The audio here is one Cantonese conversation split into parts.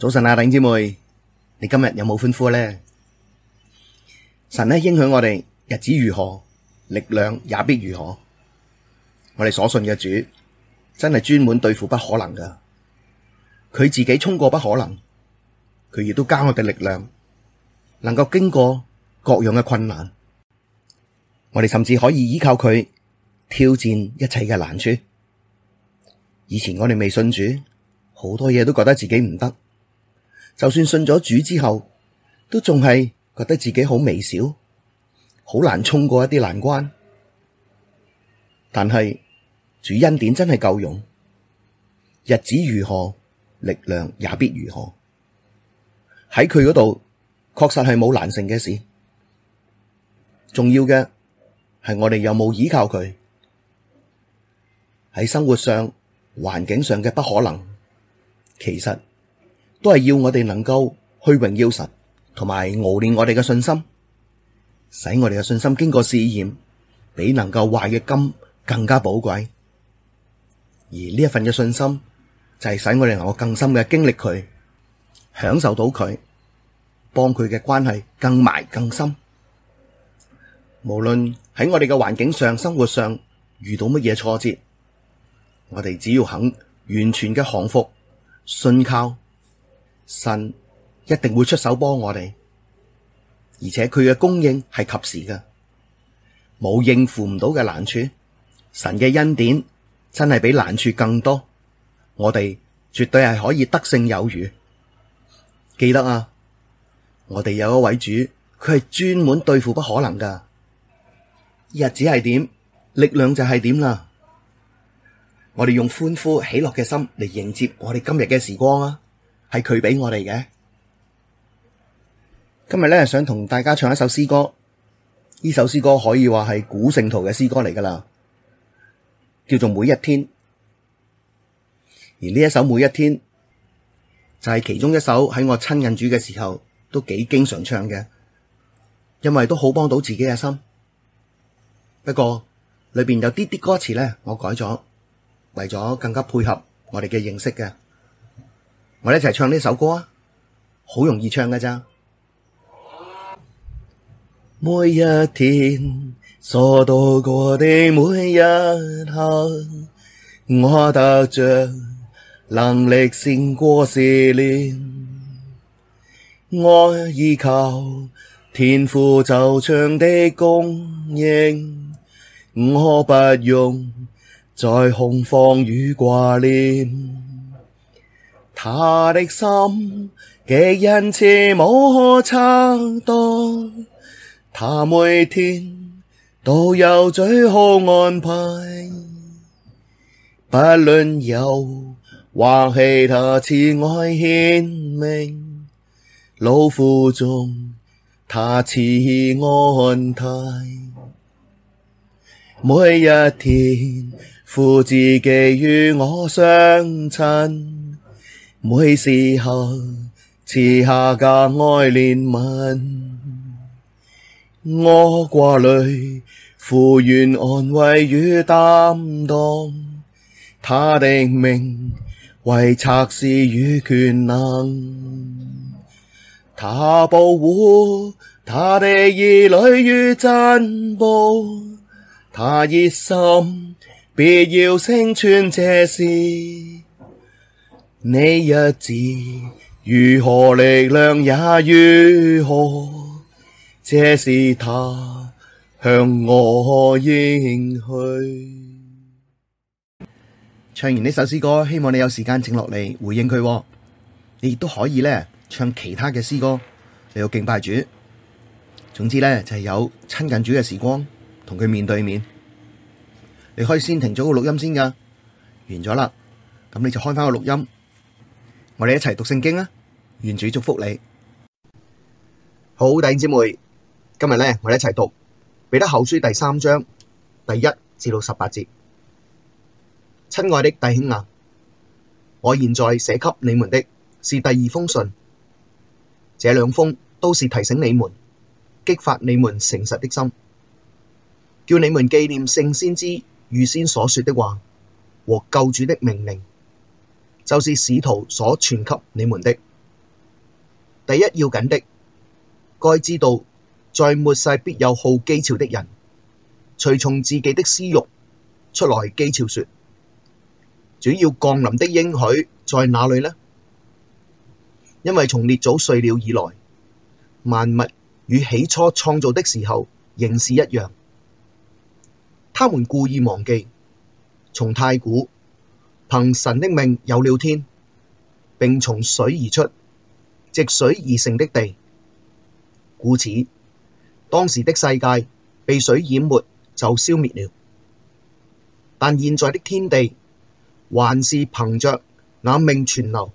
早晨啊，頂姐妹，你今日有冇歡呼呢？神呢應許我哋日子如何，力量也必如何。我哋所信嘅主真係專門對付不可能噶，佢自己衝過不可能，佢亦都加我嘅力量，能夠經過各樣嘅困難。我哋甚至可以依靠佢挑戰一切嘅難處。以前我哋未信主，好多嘢都覺得自己唔得。就算信咗主之後，都仲係覺得自己好微小，好難衝過一啲難關。但係主恩典真係夠用，日子如何，力量也必如何。喺佢嗰度，確實係冇難成嘅事。重要嘅係我哋有冇依靠佢。喺生活上、環境上嘅不可能，其實。都係要我哋能夠去榮耀神，同埋熬練我哋嘅信心，使我哋嘅信心經過試驗，比能夠壞嘅金更加寶貴。而呢一份嘅信心，就係使我哋能夠更深嘅經歷佢，享受到佢，幫佢嘅關係更埋更深。無論喺我哋嘅環境上、生活上遇到乜嘢挫折，我哋只要肯完全嘅降服、信靠。神一定會出手幫我哋，而且佢嘅供應係及時嘅，冇應付唔到嘅難處。神嘅恩典真係比難處更多，我哋絕對係可以得勝有餘。記得啊，我哋有一位主，佢係專門對付不可能噶。日子係點，力量就係點啦。我哋用歡呼喜樂嘅心嚟迎接我哋今日嘅時光啊！係佢俾我哋嘅。今日咧，想同大家唱一首詩歌。呢首詩歌可以話係古聖徒嘅詩歌嚟噶啦，叫做每一天。而呢一首每一天，就係其中一首喺我親近主嘅時候都幾經常唱嘅，因為都好幫到自己嘅心。不過裏邊有啲啲歌詞咧，我改咗，為咗更加配合我哋嘅認識嘅。我一齊唱呢首歌啊，好容易唱噶咋？每一天，所度過嘅每一刻，我得著能力勝過試煉，我倚靠天父週詳的供應，我不用再恐慌與掛念。他的心極恩慈，無可測度。他每天都有最好安排，不論憂或喜他慈愛顯明，勞苦中他賜安泰，每一天父自己與我相親。每時刻賜下格外憐憫，我掛慮父願安慰與擔當，祂的名為策士與權能，他保護祂的兒女與珍寶，他熱心必要成全這事。你日子如何力量也如何，這是他向我應許。唱完呢首詩歌，希望你有時間靜落嚟回應佢喎。你亦都可以咧唱其他嘅詩歌嚟到敬拜主。總之咧就係、是、有親近主嘅時光，同佢面對面。你可以先停咗個錄音先噶，完咗啦，咁你就開翻個錄音。我哋一齊讀聖經啊！願主祝福你。好，弟兄姊妹，今日咧我哋一齊讀彼得後書第三章第一至到十八節。親愛的弟兄啊，我現在寫給你們的是第二封信。這兩封都是提醒你們，激發你們誠實的心，叫你們紀念聖先知預先所說的話和救主的命令。就是使徒所傳給你們的。第一要緊的，該知道，在末世必有好譏誚的人，隨從自己的私慾出來譏誚說：主要降臨的應許在哪裏呢？因為從列祖睡了以來，萬物與起初創造的時候仍是一樣。他們故意忘記從太古。憑神的命有了天，並從水而出，藉水而成的地。故此，當時的世界被水淹沒就消滅了。但現在的天地還是憑着那命存留，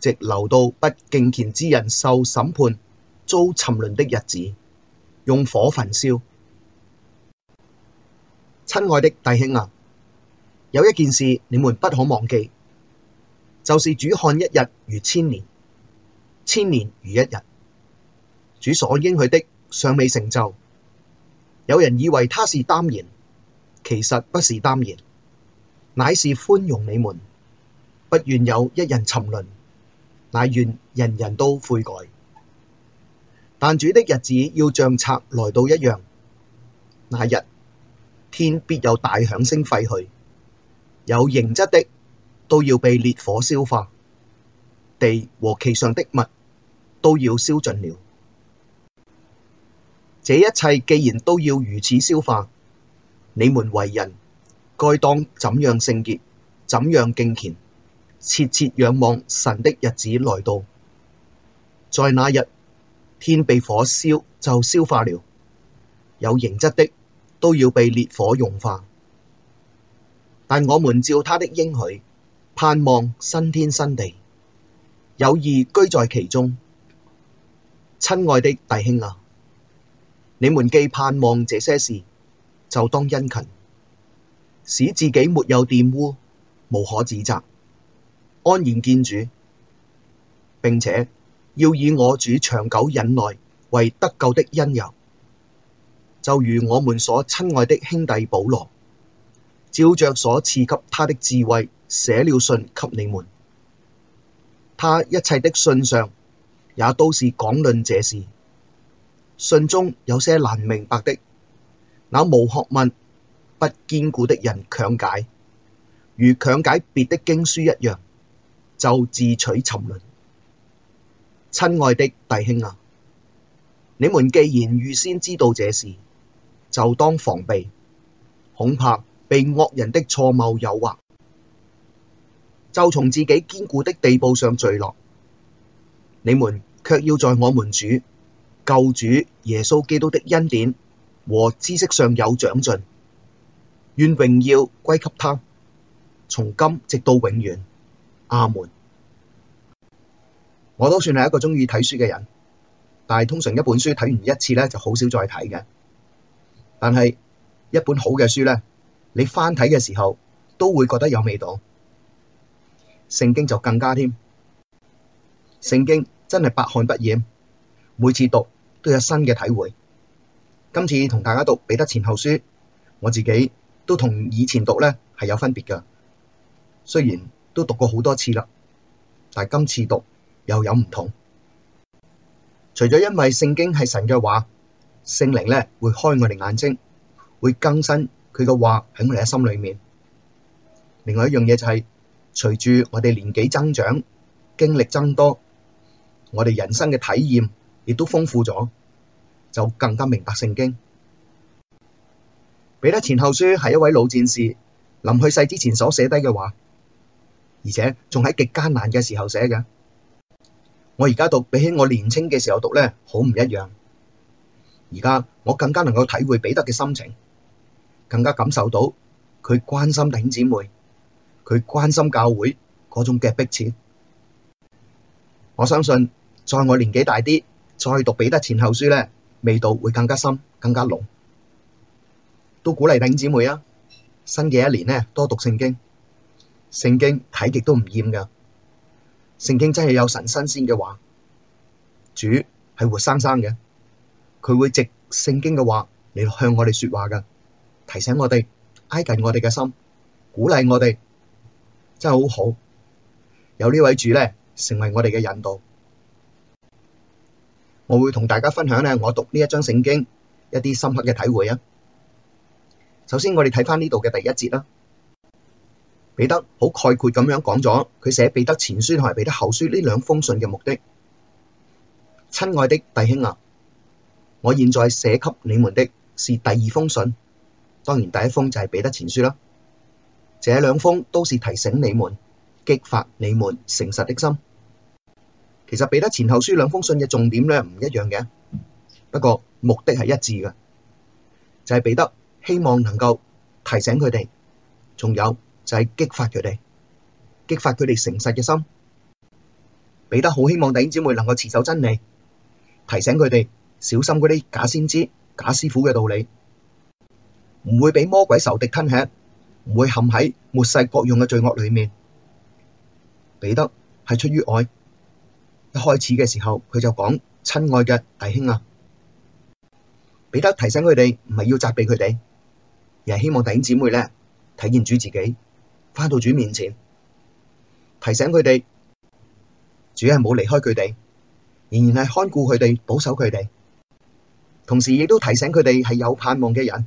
直留到不敬虔之人受審判、遭沉淪的日子，用火焚燒。親愛的弟兄啊！有一件事你們不可忘記，就是主看一日如千年，千年如一日。主所應許的尚未成就。有人以為他是耽延，其實不是耽延，乃是寬容你們，不願有一人沉淪，乃願人人都悔改。但主的日子要像賊來到一樣，那日天必有大響聲廢去。有形質的都要被烈火銷化，地和其上的物都要燒盡了。這一切既然都要如此銷化，你們為人該當怎樣聖潔、怎樣敬虔，切切仰望神的日子來到。在那日，天被火燒就銷化了，有形質的都要被烈火鎔化。但我們照他的應許，盼望新天新地，有義居在其中。親愛的弟兄啊，你們既盼望這些事，就當殷勤，使自己沒有玷污，無可指摘，安然見主，並且要以我主長久忍耐為得救的因由，就如我們所親愛的兄弟保羅，照着所賜給他的智慧寫了信給你們，他一切的信上也都是講論這事。信中有些難明白的，那無學問、不堅固的人強解，如強解別的經書一樣，就自取沉淪。親愛的弟兄啊，你們既然預先知道這事，就當防備，恐怕。被惡人的錯謬誘惑，就從自己堅固的地步上墜落。你們卻要在我們主、救主耶穌基督的恩典和知識上有長進。願榮耀歸給他，從今直到永遠。阿門。我都算係一個鍾意睇書嘅人，但係通常一本書睇完一次咧，就好少再睇嘅。但係一本好嘅書咧。你翻睇嘅時候都會覺得有味道，聖經就更加添。聖經真係百看不厭，每次讀都有新嘅體會。今次同大家讀彼得前後書，我自己都同以前讀呢係有分別㗎。雖然都讀過好多次啦，但係今次讀又有唔同。除咗因為聖經係神嘅話，聖靈呢會開我哋眼睛，會更新，佢嘅話喺我哋嘅心裏面。另外一樣嘢就係，隨住我哋年紀增長，經歷增多，我哋人生嘅體驗亦都豐富咗，就更加明白聖經。彼得前後書係一位老戰士臨去世之前所寫低嘅話，而且仲喺極艱難嘅時候寫嘅。我而家讀比起我年青嘅時候讀咧，好唔一樣。而家我更加能夠體會彼得嘅心情。更加感受到佢關心頂姊妹，佢關心教會嗰種嘅迫切。我相信在我年紀大啲，再讀彼得前後書咧，味道會更加深，更加濃。都鼓勵頂姊妹啊，新嘅一年咧，多讀聖經，聖經睇極都唔厭噶。聖經真係有神新鮮嘅話，主係活生生嘅，佢會藉聖經嘅話嚟向我哋說話噶。提醒我哋挨近我哋嘅心，鼓勵我哋真係好好，有呢位主咧，成為我哋嘅引導。我會同大家分享咧，我讀呢一章聖經一啲深刻嘅體會啊。首先，我哋睇翻呢度嘅第一節啦。彼得好概括咁樣講咗，佢寫彼得前書同埋彼得後書呢兩封信嘅目的。親愛的弟兄啊，我現在寫給你們的是第二封信。當然，第一封就係彼得前書啦。這兩封都是提醒你們，激發你們誠實的心。其實彼得前後書兩封信嘅重點咧唔一樣嘅，不過目的係一致嘅，就係彼得希望能夠提醒佢哋，仲有就係激發佢哋，激發佢哋誠實嘅心。彼得好希望弟兄姊妹能夠持守真理，提醒佢哋小心嗰啲假先知、假師傅嘅道理。唔會俾魔鬼仇敵吞吃，唔會陷喺末世各樣嘅罪惡裏面。彼得係出於愛，一開始嘅時候佢就講，親愛嘅弟兄啊。彼得提醒佢哋唔係要責備佢哋，而係希望弟兄姊妹咧體現主自己，返到主面前，提醒佢哋主係冇離開佢哋，仍然係看顧佢哋、保守佢哋，同時亦都提醒佢哋係有盼望嘅人。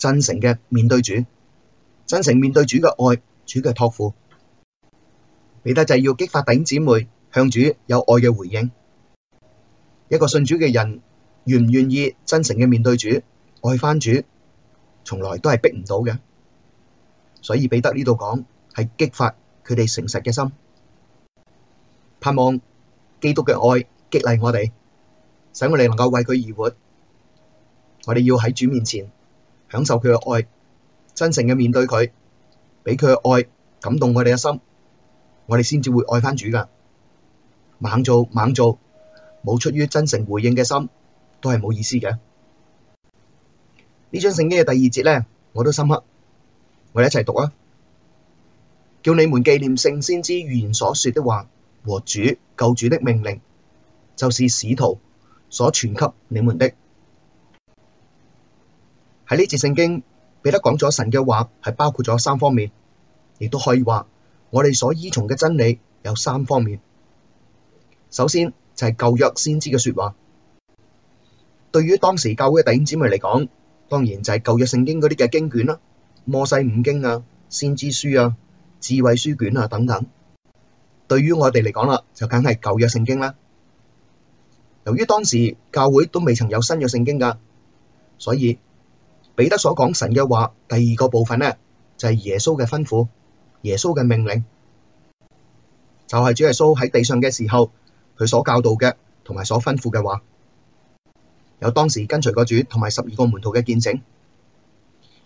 真誠嘅面對主，真誠面對主嘅愛，主嘅託付。彼得就係要激發弟姊妹向主有愛嘅回應。一個信主嘅人願唔願意真誠嘅面對主，愛返主，從來都係逼唔到嘅。所以彼得呢度講係激發佢哋誠實嘅心，盼望基督嘅愛激勵我哋，使我哋能夠為佢而活。我哋要喺主面前。享受佢嘅愛，真誠嘅面對佢，俾佢嘅愛感動我哋嘅心，我哋先至會愛返主噶。猛做猛做，冇出於真誠回應嘅心，都係冇意思嘅。呢張聖經嘅第二節咧，我都深刻，我哋一齊讀啊！叫你們紀念聖先知預先所說的話和主救主的命令，就是使徒所傳給你們的。喺呢節聖經，彼得講咗神嘅話，係包括咗三方面，亦都可以話我哋所依從嘅真理有三方面。首先就係舊約先知嘅說話，對於當時教會嘅弟兄姊妹嚟講，當然就係舊約聖經嗰啲嘅經卷啦，摩西五經啊、先知書啊、智慧書卷啊等等。對於我哋嚟講啦，就梗係舊約聖經啦。由於當時教會都未曾有新約聖經噶，所以。彼得所講神嘅話，第二個部分咧就係耶穌嘅吩咐、耶穌嘅命令，就係主耶穌喺地上嘅時候，佢所教導嘅同埋所吩咐嘅話，有當時跟隨個主同埋十二個門徒嘅見證。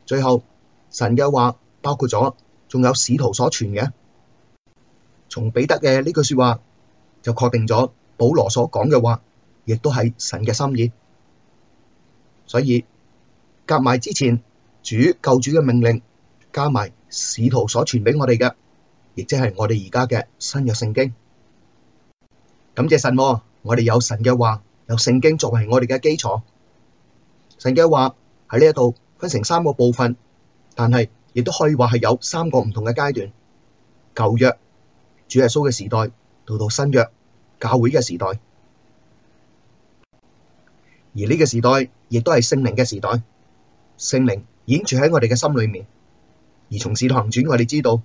最後，神嘅話包括咗，仲有使徒所傳嘅。從彼得嘅呢句說話，就確定咗保羅所講嘅話，亦都係神嘅心意，所以。夾埋之前主救主嘅命令，加埋使徒所傳俾我哋嘅，亦即係我哋而家嘅新約聖經。感謝神啊，我哋有神嘅話，有聖經作為我哋嘅基礎。神嘅話喺呢一度分成三個部分，但係亦都可以話係有三個唔同嘅階段：舊約、主耶穌嘅時代到到新約教會嘅時代，而呢個時代亦都係聖靈嘅時代。聖靈已經住喺我哋嘅心裏面，而從使徒行傳我哋知道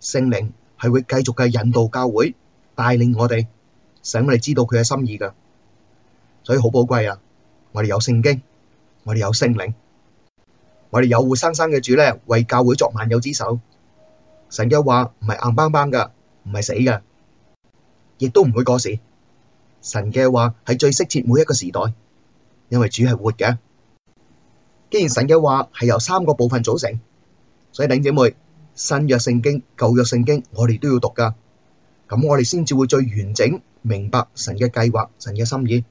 聖靈係會繼續嘅引導教會帶領我哋，使我哋知道佢嘅心意噶，所以好寶貴啊！我哋有聖經，我哋有聖靈，我哋有活生生嘅主咧，為教會作萬有之首。神嘅話唔係硬邦邦噶，唔係死噶，亦都唔會過時。神嘅話係最適切每一個時代，因為主係活嘅。既然神嘅話係由三個部分組成，所以弟兄姐妹，新約聖經、舊約聖經我哋都要讀噶，咁我哋先至會最完整明白神嘅計劃、神嘅心意。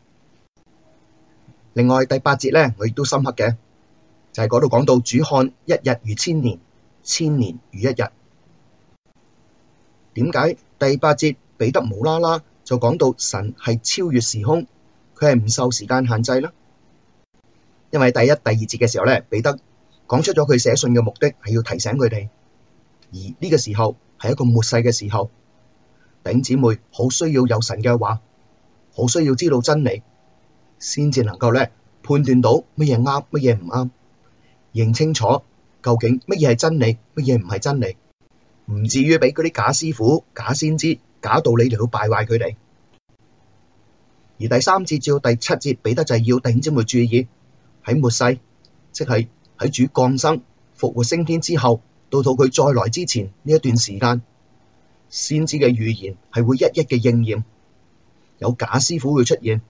另外第八節咧，我亦都深刻嘅，就係嗰度講到主看一日如千年，千年如一日。點解？第八節彼得無啦啦就講到神係超越時空，佢係唔受時間限制啦？因為第一、第二節嘅時候咧，彼得講出咗佢寫信嘅目的係要提醒佢哋，而呢個時候係一個末世嘅時候，頂姊妹好需要有神嘅話，好需要知道真理，先至能夠咧判斷到乜嘢啱，乜嘢唔啱，認清楚究竟乜嘢係真理，乜嘢唔係真理，唔至於俾嗰啲假師傅、假先知、假道理嚟到敗壞佢哋。而第三節至到第七節，彼得就係要頂姊妹注意。喺末世，即係喺主降生、復活升天之後，到到佢再來之前呢一段時間，先知嘅預言係會一一嘅應驗。有假師傅會出現，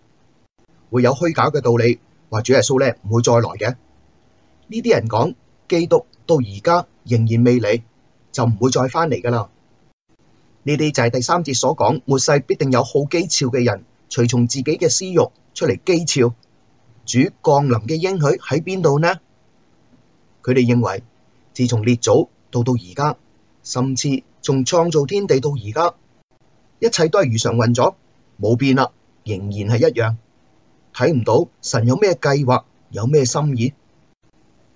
會有虛假嘅道理，話主耶穌呢唔會再來嘅。呢啲人講，基督到而家仍然未嚟，就唔會再翻嚟噶啦。呢啲就係第三節所講，末世必定有好譏誚嘅人，隨從自己嘅私慾出嚟譏誚。主降臨嘅應許喺邊度呢？佢哋認為自從列祖到到而家，甚至從創造天地到而家，一切都係如常運作，冇變啦，仍然係一樣，睇唔到神有咩計劃，有咩心意。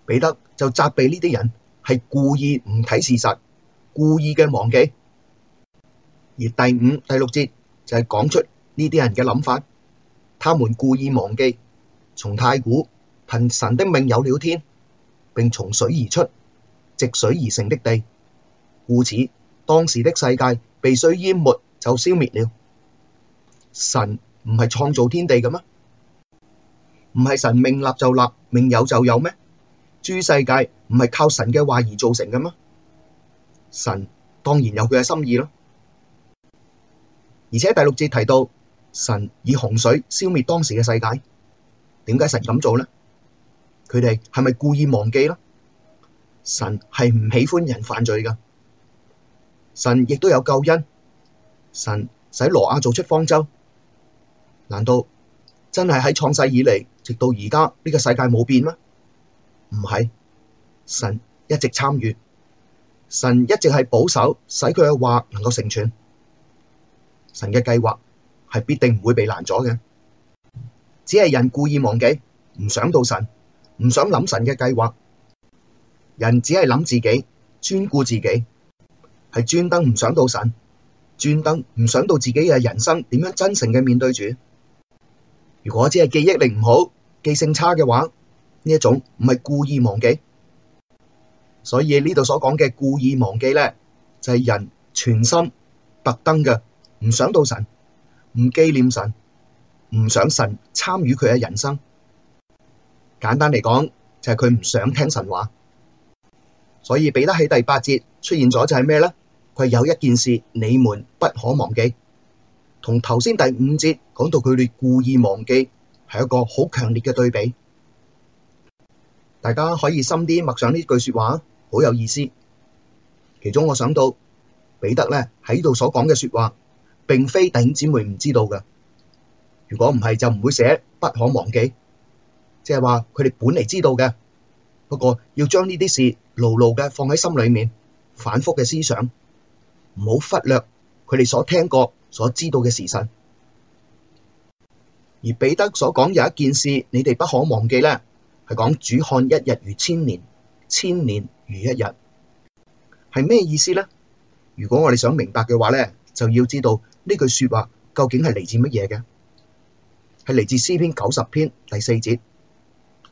彼得就責備呢啲人係故意唔睇事實，故意嘅忘記。而第五、第六節就係、是、講出呢啲人嘅諗法，他們故意忘記。從太古憑神的命有了天，並從水而出，藉水而成的地。故此，當時的世界被水淹沒就消滅了。神唔係創造天地嘅咩？唔係神命立就立，命有就有咩？諸世界唔係靠神嘅話而造成嘅嗎？神當然有佢嘅心意咯。而且第六節提到，神以洪水消滅當時嘅世界。點解神咁做咧？佢哋係咪故意忘記啦？神係唔喜歡人犯罪噶。神亦都有救恩。神使羅亞做出方舟。難道真係喺創世以嚟，直到而家呢個世界冇變咩？唔係，神一直參與。神一直係保守，使佢嘅話能夠成全。神嘅計劃係必定唔會被攔阻嘅。只係人故意忘記，唔想到神，唔想諗神嘅計劃。人只係諗自己，專顧自己，係專登唔想到神，專登唔想到自己嘅人生點樣真誠嘅面對住。如果只係記憶力唔好，記性差嘅話，呢一種唔係故意忘記。所以呢度所講嘅故意忘記咧，就係人全心特登嘅唔想到神，唔紀念神。唔想神參與佢嘅人生，簡單嚟講就係佢唔想聽神話，所以彼得喺第八節出現咗就係咩咧？佢有一件事你們不可忘記，同頭先第五節講到佢哋故意忘記係一個好強烈嘅對比，大家可以深啲默上呢句說話，好有意思。其中我想到彼得咧喺度所講嘅說話，並非弟兄姊妹唔知道嘅。如果唔係，就唔會寫不可忘記，即係話佢哋本嚟知道嘅，不過要將呢啲事牢牢嘅放喺心裏面，反覆嘅思想，唔好忽略佢哋所聽過、所知道嘅事實。而彼得所講有一件事，你哋不可忘記咧，係講主看一日如千年，千年如一日，係咩意思咧？如果我哋想明白嘅話咧，就要知道呢句說話究竟係嚟自乜嘢嘅。係嚟自詩篇九十篇第四節，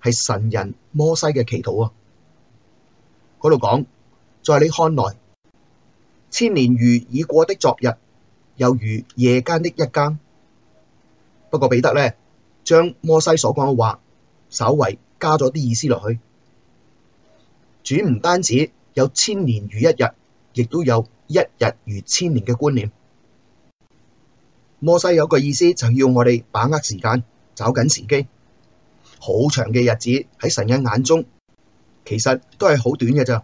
係神人摩西嘅祈禱啊！嗰度講，在你看來，千年如已過的昨日，又如夜間的一更。不過彼得呢，將摩西所講嘅話，稍微加咗啲意思落去。主唔單止有千年如一日，亦都有一日如千年嘅觀念。摩西有個意思，就要我哋把握時間，找緊時機。好長嘅日子喺神嘅眼中，其實都係好短嘅咋，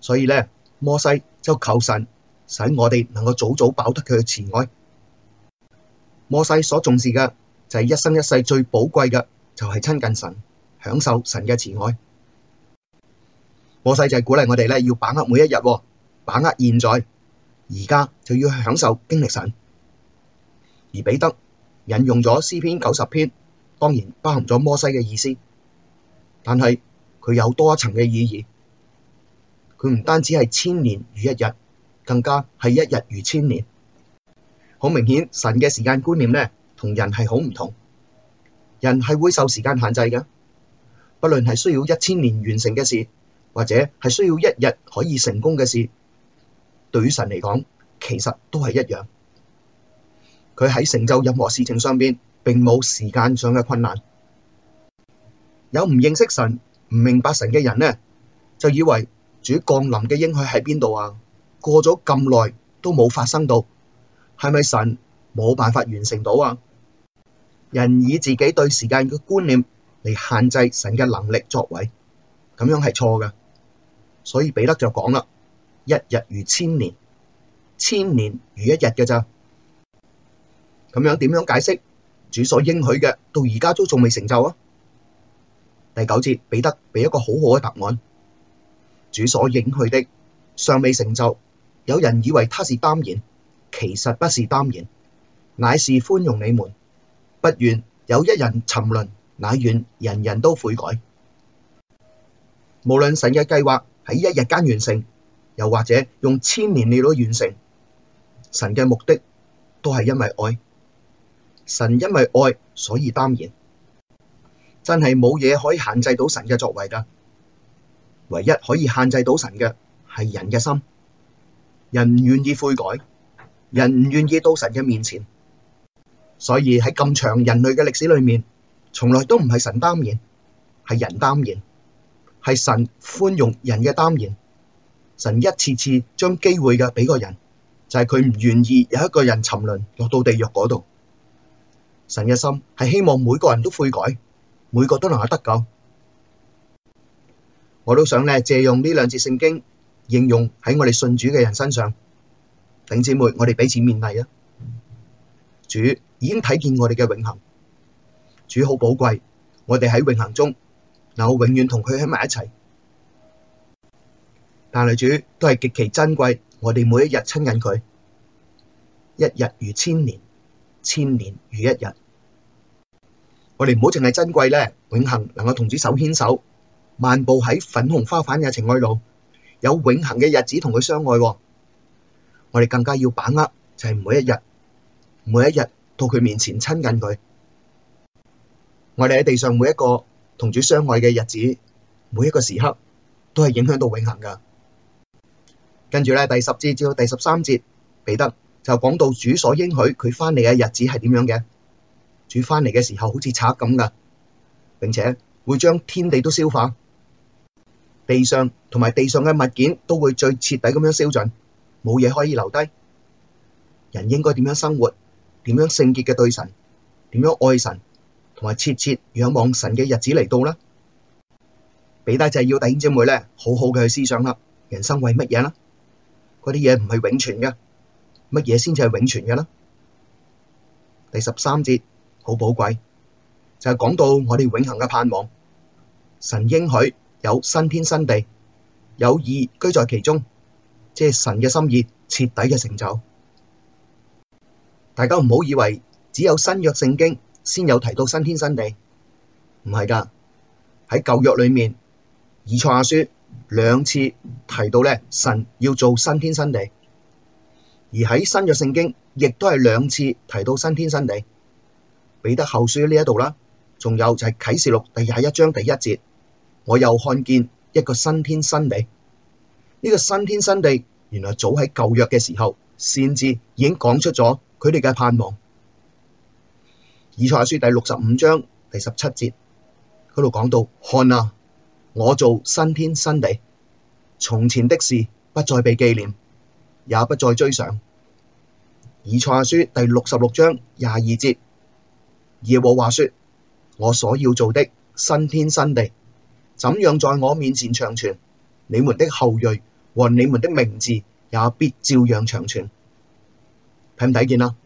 所以咧，摩西就求神，使我哋能夠早早飽得佢嘅慈愛。摩西所重視嘅就係一生一世最寶貴嘅，就係親近神，享受神嘅慈愛。摩西就係鼓勵我哋咧，要把握每一日，把握現在，而家就要享受經歷神。而彼得引用咗詩篇九十篇，當然包含咗摩西嘅意思，但係佢有多一層嘅意義。佢唔單止係千年如一日，更加係一日如千年。好明顯，神嘅時間觀念呢，同人係好唔同。人係會受時間限制嘅，不論係需要一千年完成嘅事，或者係需要一日可以成功嘅事，對於神嚟講，其實都係一樣。佢喺成就任何事情上邊，並冇時間上嘅困難。有唔認識神、唔明白神嘅人呢，就以為主降臨嘅應許喺邊度啊？過咗咁耐都冇發生到，係咪神冇辦法完成到啊？人以自己對時間嘅觀念嚟限制神嘅能力作為，咁樣係錯噶。所以彼得就講啦：「一日如千年，千年如一日」嘅咋。咁樣點樣解釋主所應許嘅到而家都仲未成就啊？第九節彼得俾一個好好嘅答案：主所應許的尚未成就。有人以為他是耽延，其實不是耽延，乃是寬容你們。不願有一人沉淪，乃願人人都悔改。無論神嘅計劃喺一日間完成，又或者用千年嚟到完成，神嘅目的都係因為愛。神因為愛，所以耽延，真係冇嘢可以限制到神嘅作為噶。唯一可以限制到神嘅係人嘅心，人唔願意悔改，人唔願意到神嘅面前，所以喺咁長人類嘅歷史裏面，從來都唔係神耽延，係人耽延，係神寬容人嘅耽延。神一次次將機會嘅俾個人，就係佢唔願意有一個人沉淪落到地獄嗰度。神嘅心係希望每個人都悔改，每個都能夠得救。我都想咧借用呢兩節聖經應用喺我哋信主嘅人身上。弟兄姊妹，我哋彼此勉勵啊！主已經睇見我哋嘅永恒，主好寶貴，我哋喺永恒中嗱，我永遠同佢喺埋一齊。但係主都係極其珍貴，我哋每一日親近佢，一日如千年。千年如一日，我哋唔好淨係珍貴咧，永恒能夠同主手牽手，漫步喺粉紅花瓣嘅情愛路，有永恒嘅日子同佢相愛。我哋更加要把握，就係每一日，每一日到佢面前親近佢。我哋喺地上每一個同主相愛嘅日子，每一個時刻，都係影響到永恒㗎。跟住咧，第十節至到第十三節，彼得就講到主所應許佢翻嚟嘅日子係點樣嘅，主翻嚟嘅時候好似賊咁噶，並且會將天地都消化，地上同埋地上嘅物件都會最徹底咁樣燒盡，冇嘢可以留低。人應該點樣生活？點樣聖潔嘅對神？點樣愛神？同埋切切仰望神嘅日子嚟到啦。彼得就要弟兄姐妹咧好好嘅去思想啦，人生為乜嘢啦？嗰啲嘢唔係永存嘅。乜嘢先至係永存嘅啦？第十三節好寶貴，就係講到我哋永恒嘅盼望。神應許有新天新地，有義居在其中，即係神嘅心意徹底嘅成就。大家唔好以為只有新約聖經先有提到新天新地，唔係噶，喺舊約裏面，以賽亞書兩次提到咧，神要做新天新地。而喺新約聖經，亦都係兩次提到新天新地，彼得後書呢一度啦，仲有就係啟示錄第二十一章第一節，我又看見一個新天新地。呢、這個新天新地，原來早喺舊約嘅時候，先至已經講出咗佢哋嘅盼望。以賽亞書第六十五章第十七節嗰度講到：看啊，我做新天新地，從前的事不再被記念。也不再追上。以賽亞書第六十六章廿二節，耶和華說：我所要做的新天新地，怎樣在我面前長存？你們的後裔和你們的名字，也必照樣長存。睇唔睇見啊？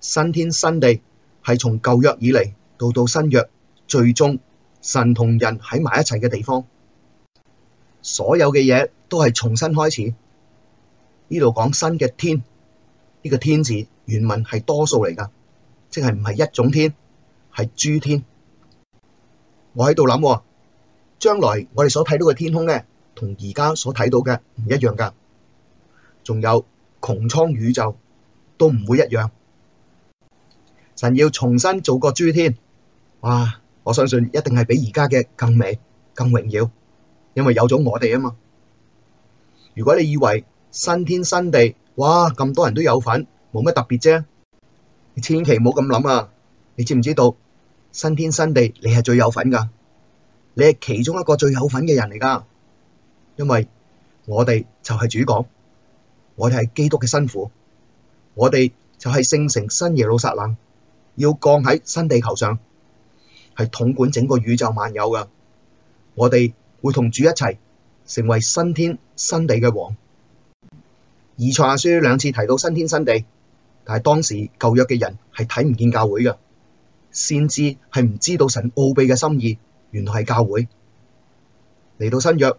新天新地係從舊約以嚟到到新約，最終神同人喺埋一齊嘅地方，所有嘅嘢都係重新開始。呢度講新嘅天，呢、這個天字原文係多數嚟噶，即係唔係一種天，係諸天。我喺度諗喎，將來我哋所睇到嘅天空咧，同而家所睇到嘅唔一樣噶。仲有穹蒼宇宙都唔會一樣。神要重新造個諸天，哇！我相信一定係比而家嘅更美、更榮耀，因為有咗我哋啊嘛。如果你以為，新天新地，哇！咁多人都有份，冇乜特別啫。你千祈唔好咁諗啊！你知唔知道？新天新地，你係最有份噶你係其中一個最有份嘅人嚟噶因為我哋就係主角，我哋係基督嘅新婦，我哋就係聖城新耶路撒冷，要降喺新地球上，係統管整個宇宙萬有噶我哋會同主一齊成為新天新地嘅王。以賽亞書兩次提到新天新地，但係當時舊約嘅人係睇唔見教會嘅，先知係唔知道神奧秘嘅心意，原來係教會。嚟到新約，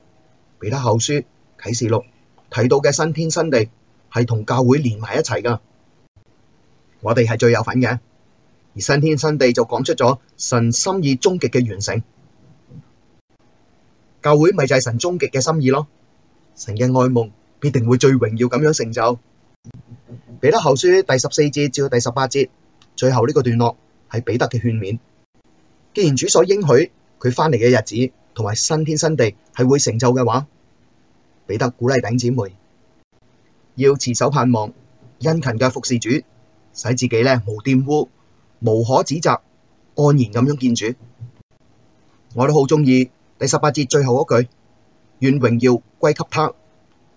彼得後書、啟示錄提到嘅新天新地係同教會連埋一齊噶，我哋係最有份嘅。而新天新地就講出咗神心意終極嘅完成，教會咪就係神終極嘅心意咯，神嘅愛夢。必定會最榮耀咁樣成就。彼得後書第十四節至到第十八節，最後呢個段落係彼得嘅勸勉。既然主所應許佢返嚟嘅日子同埋新天新地係會成就嘅話，彼得鼓勵弟兄姊妹要持守盼望，殷勤嘅服侍主，使自己咧無玷污、無可指責，安然咁樣見主。我都好鍾意第十八節最後嗰句，願榮耀歸給他。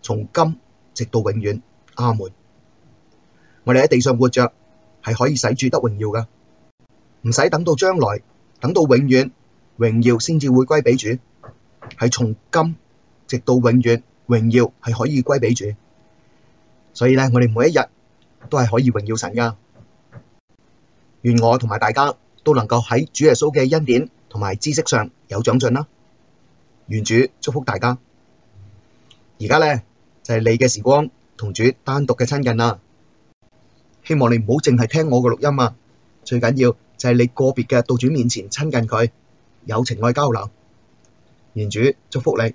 從今直到永遠，阿門我哋喺地上活着係可以使主得榮耀噶，唔使等到將來，等到永遠榮耀先至會歸俾主，係從今直到永遠榮耀係可以歸俾主。所以咧，我哋每一日都係可以榮耀神噶。願我同埋大家都能夠喺主耶穌嘅恩典同埋知識上有長進啦。願主祝福大家。而家咧。就係你嘅時光同主單獨嘅親近啦，啊，希望你唔好淨係聽我嘅錄音啊，最緊要就係你個別嘅到主面前親近佢，有情愛交流，願主祝福你。